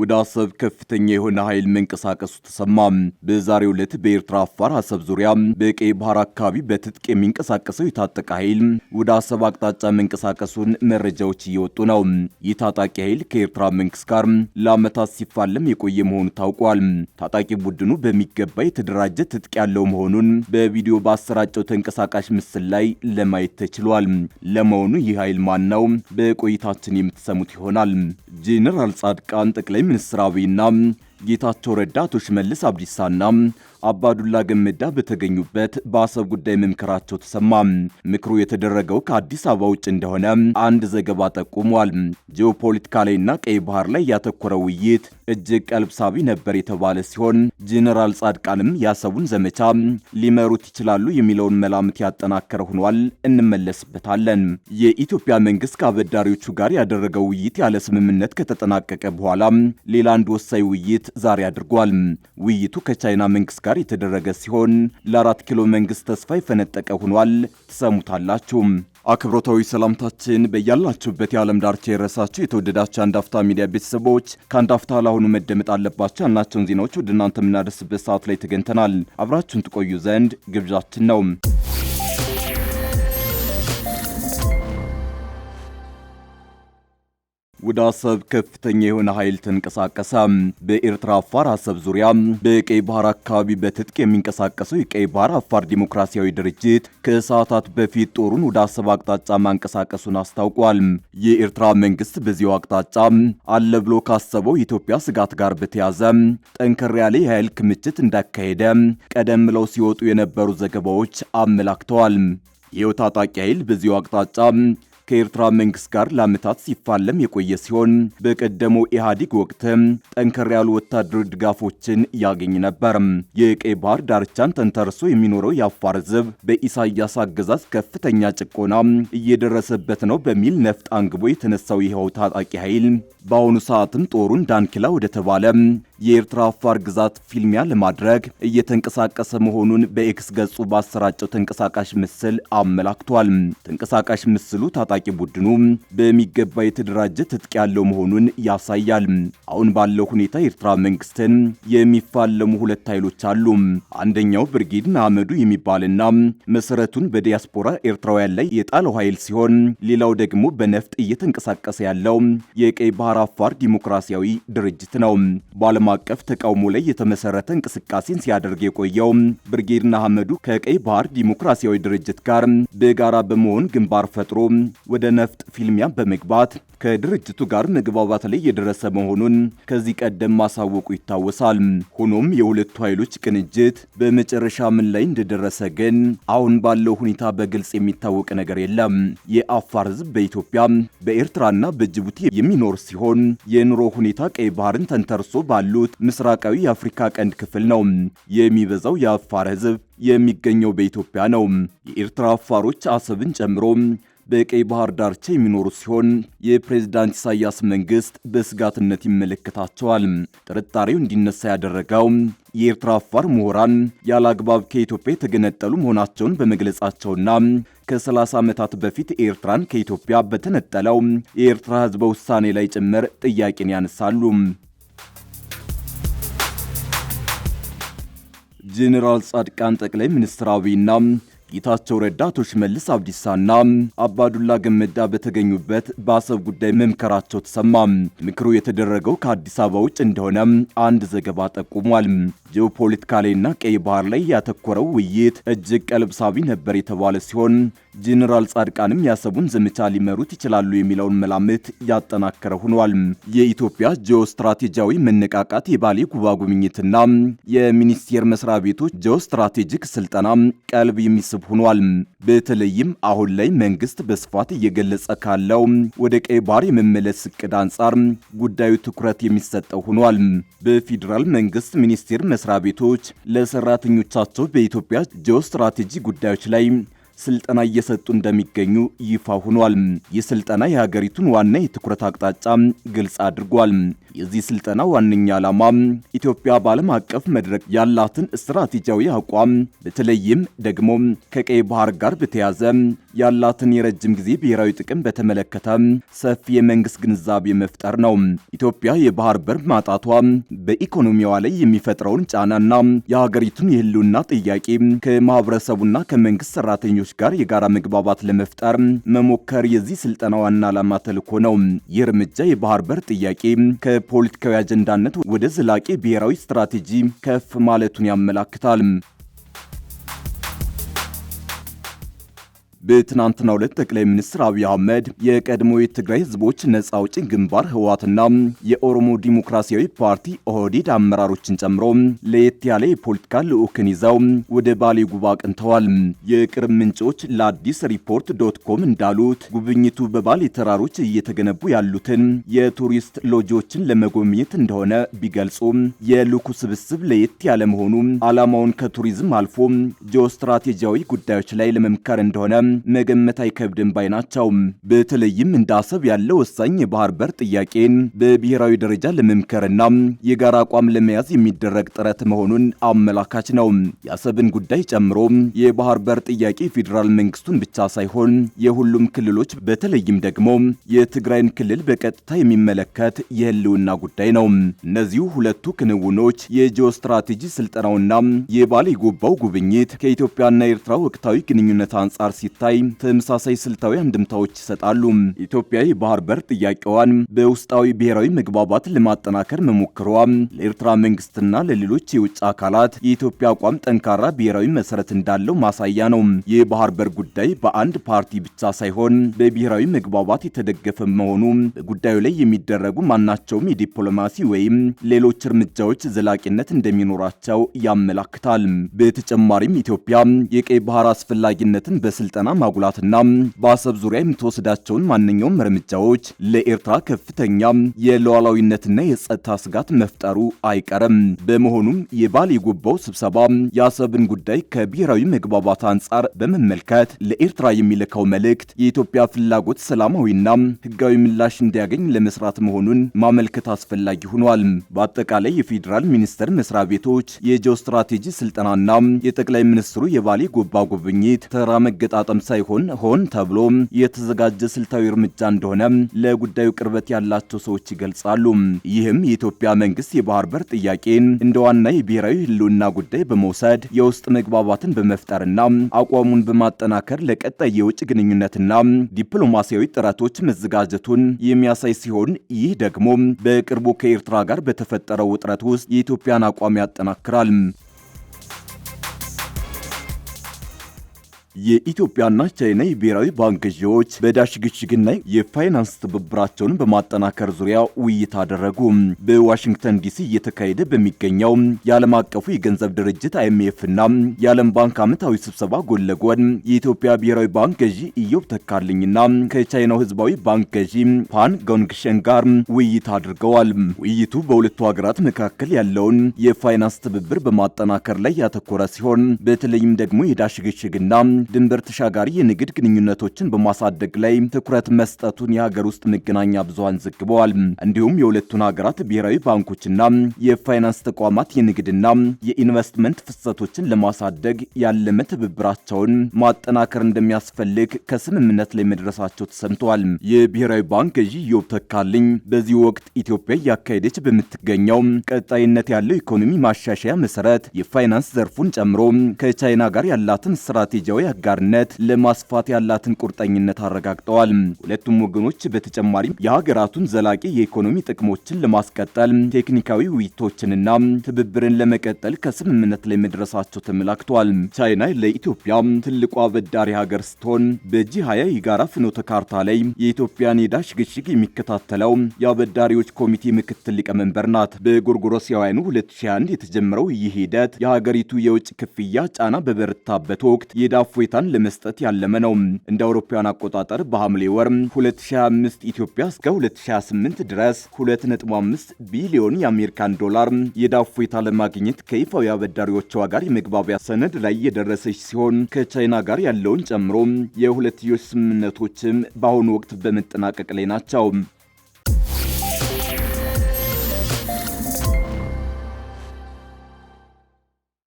ወደ አሰብ ከፍተኛ የሆነ ኃይል መንቀሳቀሱ ተሰማ። በዛሬው ዕለት በኤርትራ አፋር አሰብ ዙሪያ በቀይ ባህር አካባቢ በትጥቅ የሚንቀሳቀሰው የታጠቀ ኃይል ወደ አሰብ አቅጣጫ መንቀሳቀሱን መረጃዎች እየወጡ ነው። ይህ ታጣቂ ኃይል ከኤርትራ መንግስት ጋር ለዓመታት ሲፋለም የቆየ መሆኑ ታውቋል። ታጣቂ ቡድኑ በሚገባ የተደራጀ ትጥቅ ያለው መሆኑን በቪዲዮ በአሰራጨው ተንቀሳቃሽ ምስል ላይ ለማየት ተችሏል። ለመሆኑ ይህ ኃይል ማን ነው? በቆይታችን የምትሰሙት ይሆናል። ጄኔራል ጻድቃን ጠቅላይ ሚኒስትር አብይና ጌታቸው ረዳቶች መልስ አብዲሳና አባዱላ ገመዳ በተገኙበት በአሰብ ጉዳይ መምከራቸው ተሰማ። ምክሩ የተደረገው ከአዲስ አበባ ውጭ እንደሆነ አንድ ዘገባ ጠቁሟል። ጂኦፖለቲካ ላይና ቀይ ባህር ላይ ያተኮረ ውይይት እጅግ ቀልብ ሳቢ ነበር የተባለ ሲሆን ጄኔራል ጻድቃንም ያሰቡን ዘመቻ ሊመሩት ይችላሉ የሚለውን መላምት ያጠናከረ ሆኗል። እንመለስበታለን። የኢትዮጵያ መንግስት ከአበዳሪዎቹ ጋር ያደረገው ውይይት ያለ ስምምነት ከተጠናቀቀ በኋላ ሌላ አንድ ወሳኝ ውይይት ዛሬ አድርጓል። ውይይቱ ከቻይና መንግስት ጋር ጋር የተደረገ ሲሆን ለአራት ኪሎ መንግስት ተስፋ የፈነጠቀ ሆኗል። ትሰሙታላችሁ። አክብሮታዊ ሰላምታችን በያላችሁበት የዓለም ዳርቻ የረሳችሁ የተወደዳችሁ አንዳፍታ ሚዲያ ቤተሰቦች ከአንዳፍታ አፍታ ለአሁኑ መደመጥ አለባቸው ያልናቸውን ዜናዎች ወደ እናንተ የምናደርስበት ሰዓት ላይ ተገኝተናል። አብራችሁን ትቆዩ ዘንድ ግብዣችን ነው። ወደ አሰብ ከፍተኛ የሆነ ኃይል ተንቀሳቀሰ። በኤርትራ አፋር አሰብ ዙሪያ በቀይ ባህር አካባቢ በትጥቅ የሚንቀሳቀሰው የቀይ ባህር አፋር ዲሞክራሲያዊ ድርጅት ከሰዓታት በፊት ጦሩን ወደ አሰብ አቅጣጫ ማንቀሳቀሱን አስታውቋል። የኤርትራ መንግስት በዚሁ አቅጣጫ አለ ብሎ ካሰበው የኢትዮጵያ ስጋት ጋር በተያዘ ጠንከር ያለ የኃይል ክምችት እንዳካሄደ ቀደም ብለው ሲወጡ የነበሩ ዘገባዎች አመላክተዋል። ይኸው ታጣቂ ኃይል በዚሁ አቅጣጫ ከኤርትራ መንግስት ጋር ለአመታት ሲፋለም የቆየ ሲሆን በቀደመው ኢህአዲግ ወቅትም ጠንከር ያሉ ወታደራዊ ድጋፎችን ያገኝ ነበር። የቀይ ባህር ዳርቻን ተንተርሶ የሚኖረው የአፋር ህዝብ በኢሳያስ አገዛዝ ከፍተኛ ጭቆና እየደረሰበት ነው በሚል ነፍጥ አንግቦ የተነሳው ይኸው ታጣቂ ኃይል በአሁኑ ሰዓትም ጦሩን ዳንኪላ ወደተባለ የኤርትራ አፋር ግዛት ፊልሚያ ለማድረግ እየተንቀሳቀሰ መሆኑን በኤክስ ገጹ ባሰራጨው ተንቀሳቃሽ ምስል አመላክቷል። ተንቀሳቃሽ ምስሉ ታጣ ታጣቂ ቡድኑ በሚገባ የተደራጀ ትጥቅ ያለው መሆኑን ያሳያል። አሁን ባለው ሁኔታ የኤርትራ መንግስትን የሚፋለሙ ሁለት ኃይሎች አሉ። አንደኛው ብርጌድ ንሓመዱ የሚባልና መሰረቱን በዲያስፖራ ኤርትራውያን ላይ የጣለው ኃይል ሲሆን፣ ሌላው ደግሞ በነፍጥ እየተንቀሳቀሰ ያለው የቀይ ባህር አፋር ዲሞክራሲያዊ ድርጅት ነው። በዓለም አቀፍ ተቃውሞ ላይ የተመሰረተ እንቅስቃሴን ሲያደርግ የቆየው ብርጌድ ንሓመዱ ከቀይ ባህር ዲሞክራሲያዊ ድርጅት ጋር በጋራ በመሆን ግንባር ፈጥሮ ወደ ነፍጥ ፊልሚያ በመግባት ከድርጅቱ ጋር መግባባት ላይ የደረሰ መሆኑን ከዚህ ቀደም ማሳወቁ ይታወሳል። ሆኖም የሁለቱ ኃይሎች ቅንጅት በመጨረሻ ምን ላይ እንደደረሰ ግን አሁን ባለው ሁኔታ በግልጽ የሚታወቅ ነገር የለም። የአፋር ህዝብ በኢትዮጵያ በኤርትራና በጅቡቲ የሚኖር ሲሆን የኑሮ ሁኔታ ቀይ ባህርን ተንተርሶ ባሉት ምስራቃዊ የአፍሪካ ቀንድ ክፍል ነው። የሚበዛው የአፋር ህዝብ የሚገኘው በኢትዮጵያ ነው። የኤርትራ አፋሮች አሰብን ጨምሮ በቀይ ባህር ዳርቻ የሚኖሩ ሲሆን የፕሬዝዳንት ኢሳያስ መንግስት በስጋትነት ይመለከታቸዋል። ጥርጣሬው እንዲነሳ ያደረገው የኤርትራ አፋር ምሁራን ያለአግባብ ከኢትዮጵያ የተገነጠሉ መሆናቸውን በመግለጻቸውና ከ30 ዓመታት በፊት ኤርትራን ከኢትዮጵያ በተነጠለው የኤርትራ ህዝበ ውሳኔ ላይ ጭምር ጥያቄን ያነሳሉ። ጄኔራል ጻድቃን ጠቅላይ ሚኒስትር አብይና ጌታቸው ረዳቶች መልስ ሽመልስ አብዲሳና አባዱላ ገመዳ በተገኙበት በአሰብ ጉዳይ መምከራቸው ተሰማ። ምክሩ የተደረገው ከአዲስ አበባ ውጭ እንደሆነ አንድ ዘገባ ጠቁሟል። ጂኦፖለቲካ ላይና ቀይ ባህር ላይ ያተኮረው ውይይት እጅግ ሳቢ ነበር የተባለ ሲሆን ጄኔራል ጻድቃንም ያሰቡን ዘመቻ ሊመሩት ይችላሉ የሚለውን መላምት ያጠናከረ ሆኗል። የኢትዮጵያ ጂኦስትራቴጂያዊ መነቃቃት የባሌ ጉባ ጉብኝትና የሚኒስቴር መስሪያ ቤቶች ጂኦስትራቴጂክ ስልጠና ቀልብ የሚስብ ሆኗል። በተለይም አሁን ላይ መንግስት በስፋት እየገለጸ ካለው ወደ ቀይ ባህር የመመለስ እቅድ አንጻር ጉዳዩ ትኩረት የሚሰጠው ሆኗል። በፌዴራል መንግስት ሚኒስቴር መስሪያ ቤቶች ለሰራተኞቻቸው በኢትዮጵያ ጂኦስትራቴጂ ጉዳዮች ላይ ስልጠና እየሰጡ እንደሚገኙ ይፋ ሆኗል። ይህ ስልጠና የሀገሪቱን ዋና የትኩረት አቅጣጫ ግልጽ አድርጓል። የዚህ ስልጠና ዋነኛ ዓላማ ኢትዮጵያ በዓለም አቀፍ መድረክ ያላትን ስትራቴጂያዊ አቋም በተለይም ደግሞ ከቀይ ባህር ጋር በተያዘ ያላትን የረጅም ጊዜ ብሔራዊ ጥቅም በተመለከተ ሰፊ የመንግስት ግንዛቤ መፍጠር ነው። ኢትዮጵያ የባህር በር ማጣቷ በኢኮኖሚዋ ላይ የሚፈጥረውን ጫናና የሀገሪቱን የህልውና ጥያቄ ከማህበረሰቡና ከመንግስት ሰራተኞች አካባቢዎች ጋር የጋራ መግባባት ለመፍጠር መሞከር የዚህ ስልጠና ዋና ዓላማ ተልኮ ነው። ይህ እርምጃ የባህር በር ጥያቄ ከፖለቲካዊ አጀንዳነት ወደ ዘላቂ ብሔራዊ ስትራቴጂ ከፍ ማለቱን ያመላክታል። በትናንትናው ዕለት ጠቅላይ ሚኒስትር አብይ አህመድ የቀድሞ የትግራይ ህዝቦች ነጻ አውጪ ግንባር ህወሓትና የኦሮሞ ዲሞክራሲያዊ ፓርቲ ኦህዴድ አመራሮችን ጨምሮ ለየት ያለ የፖለቲካ ልዑክን ይዘው ወደ ባሌ ጉባ አቅንተዋል። የቅርብ ምንጮች ለአዲስ ሪፖርት ዶት ኮም እንዳሉት ጉብኝቱ በባሌ ተራሮች እየተገነቡ ያሉትን የቱሪስት ሎጆችን ለመጎብኘት እንደሆነ ቢገልጹ የልኩ ስብስብ ለየት ያለ መሆኑ ዓላማውን ከቱሪዝም አልፎ ጂኦስትራቴጂያዊ ጉዳዮች ላይ ለመምከር እንደሆነ መገመት አይከብድም ባይ ናቸው። በተለይም እንደ አሰብ ያለ ወሳኝ የባህር በር ጥያቄን በብሔራዊ ደረጃ ለመምከርና የጋራ አቋም ለመያዝ የሚደረግ ጥረት መሆኑን አመላካች ነው። የአሰብን ጉዳይ ጨምሮ የባህር በር ጥያቄ ፌዴራል መንግስቱን ብቻ ሳይሆን የሁሉም ክልሎች በተለይም ደግሞ የትግራይን ክልል በቀጥታ የሚመለከት የህልውና ጉዳይ ነው። እነዚሁ ሁለቱ ክንውኖች የጂኦ ስትራቴጂ ስልጠናውና የባሌ ጎባው ጉብኝት ከኢትዮጵያና ኤርትራ ወቅታዊ ግንኙነት አንጻር ሲታ ተከታይ ተመሳሳይ ስልታዊ አንድምታዎች ይሰጣሉ። ኢትዮጵያ የባህር በር ጥያቄዋን በውስጣዊ ብሔራዊ መግባባት ለማጠናከር መሞክሯ ለኤርትራ መንግስትና ለሌሎች የውጭ አካላት የኢትዮጵያ አቋም ጠንካራ ብሔራዊ መሰረት እንዳለው ማሳያ ነው። የባህር በር ጉዳይ በአንድ ፓርቲ ብቻ ሳይሆን በብሔራዊ መግባባት የተደገፈ መሆኑ በጉዳዩ ላይ የሚደረጉ ማናቸውም የዲፕሎማሲ ወይም ሌሎች እርምጃዎች ዘላቂነት እንደሚኖራቸው ያመላክታል። በተጨማሪም ኢትዮጵያ የቀይ ባህር አስፈላጊነትን በስልጠና ማጉላትና በአሰብ ዙሪያ የምትወስዳቸውን ማንኛውም እርምጃዎች ለኤርትራ ከፍተኛ የሉዓላዊነትና የጸጥታ ስጋት መፍጠሩ አይቀርም። በመሆኑም የባል የጎባው ስብሰባ የአሰብን ጉዳይ ከብሔራዊ መግባባት አንጻር በመመልከት ለኤርትራ የሚልከው መልእክት የኢትዮጵያ ፍላጎት ሰላማዊና ህጋዊ ምላሽ እንዲያገኝ ለመስራት መሆኑን ማመልከት አስፈላጊ ሆኗል። በአጠቃላይ የፌዴራል ሚኒስቴር መስሪያ ቤቶች የጂኦ ስትራቴጂ ስልጠናና የጠቅላይ ሚኒስትሩ የባሌ ጎባ ጉብኝት ተራ መገጣጠም ሳይሆን ሆን ተብሎ የተዘጋጀ ስልታዊ እርምጃ እንደሆነ ለጉዳዩ ቅርበት ያላቸው ሰዎች ይገልጻሉ። ይህም የኢትዮጵያ መንግስት የባህር በር ጥያቄን እንደ ዋና የብሔራዊ ህልውና ጉዳይ በመውሰድ የውስጥ መግባባትን በመፍጠርና አቋሙን በማጠናከር ለቀጣይ የውጭ ግንኙነትና ዲፕሎማሲያዊ ጥረቶች መዘጋጀቱን የሚያሳይ ሲሆን ይህ ደግሞ በቅርቡ ከኤርትራ ጋር በተፈጠረው ውጥረት ውስጥ የኢትዮጵያን አቋም ያጠናክራል። የኢትዮጵያና ቻይና የብሔራዊ ባንክ ገዢዎች በዳሽ ሽግሽግና የፋይናንስ ትብብራቸውን በማጠናከር ዙሪያ ውይይት አደረጉ። በዋሽንግተን ዲሲ እየተካሄደ በሚገኘው የዓለም አቀፉ የገንዘብ ድርጅት አይኤምኤፍና የዓለም ባንክ ዓመታዊ ስብሰባ ጎን ለጎን የኢትዮጵያ ብሔራዊ ባንክ ገዢ ኢዮብ ተካልኝና ከቻይናው ህዝባዊ ባንክ ገዢ ፓን ጎንግሸን ጋር ውይይት አድርገዋል። ውይይቱ በሁለቱ ሀገራት መካከል ያለውን የፋይናንስ ትብብር በማጠናከር ላይ ያተኮረ ሲሆን በተለይም ደግሞ የዳሽ ግሽግና ። ድንበር ተሻጋሪ የንግድ ግንኙነቶችን በማሳደግ ላይ ትኩረት መስጠቱን የሀገር ውስጥ መገናኛ ብዙሃን ዘግበዋል። እንዲሁም የሁለቱን ሀገራት ብሔራዊ ባንኮችና የፋይናንስ ተቋማት የንግድና የኢንቨስትመንት ፍሰቶችን ለማሳደግ ያለመ ትብብራቸውን ማጠናከር እንደሚያስፈልግ ከስምምነት ላይ መድረሳቸው ተሰምተዋል። የብሔራዊ ባንክ ገዢ ኢዮብ ተካልኝ በዚህ ወቅት ኢትዮጵያ እያካሄደች በምትገኘው ቀጣይነት ያለው ኢኮኖሚ ማሻሻያ መሰረት የፋይናንስ ዘርፉን ጨምሮ ከቻይና ጋር ያላትን ስትራቴጂያዊ አጋርነት ለማስፋት ያላትን ቁርጠኝነት አረጋግጠዋል። ሁለቱም ወገኖች በተጨማሪም የሀገራቱን ዘላቂ የኢኮኖሚ ጥቅሞችን ለማስቀጠል ቴክኒካዊ ውይይቶችንና ትብብርን ለመቀጠል ከስምምነት ላይ መድረሳቸው ተመላክቷል። ቻይና ለኢትዮጵያ ትልቋ አበዳሪ ሀገር ስትሆን በጂ ሀያ የጋራ ፍኖተ ካርታ ላይ የኢትዮጵያን የዕዳ ሽግሽግ የሚከታተለው የአበዳሪዎች ኮሚቴ ምክትል ሊቀመንበር ናት። በጎርጎሮሳውያኑ 2021 የተጀመረው ይህ ሂደት የሀገሪቱ የውጭ ክፍያ ጫና በበረታበት ወቅት የዳፎ እፎይታን ለመስጠት ያለመ ነው። እንደ አውሮፓውያን አቆጣጠር በሐምሌ ወር 2025 ኢትዮጵያ እስከ 2028 ድረስ 2.5 ቢሊዮን የአሜሪካን ዶላር የዕዳ እፎይታ ለማግኘት ከይፋዊ አበዳሪዎቿ ጋር የመግባቢያ ሰነድ ላይ የደረሰች ሲሆን ከቻይና ጋር ያለውን ጨምሮ የሁለትዮሽ ስምምነቶችም በአሁኑ ወቅት በመጠናቀቅ ላይ ናቸው።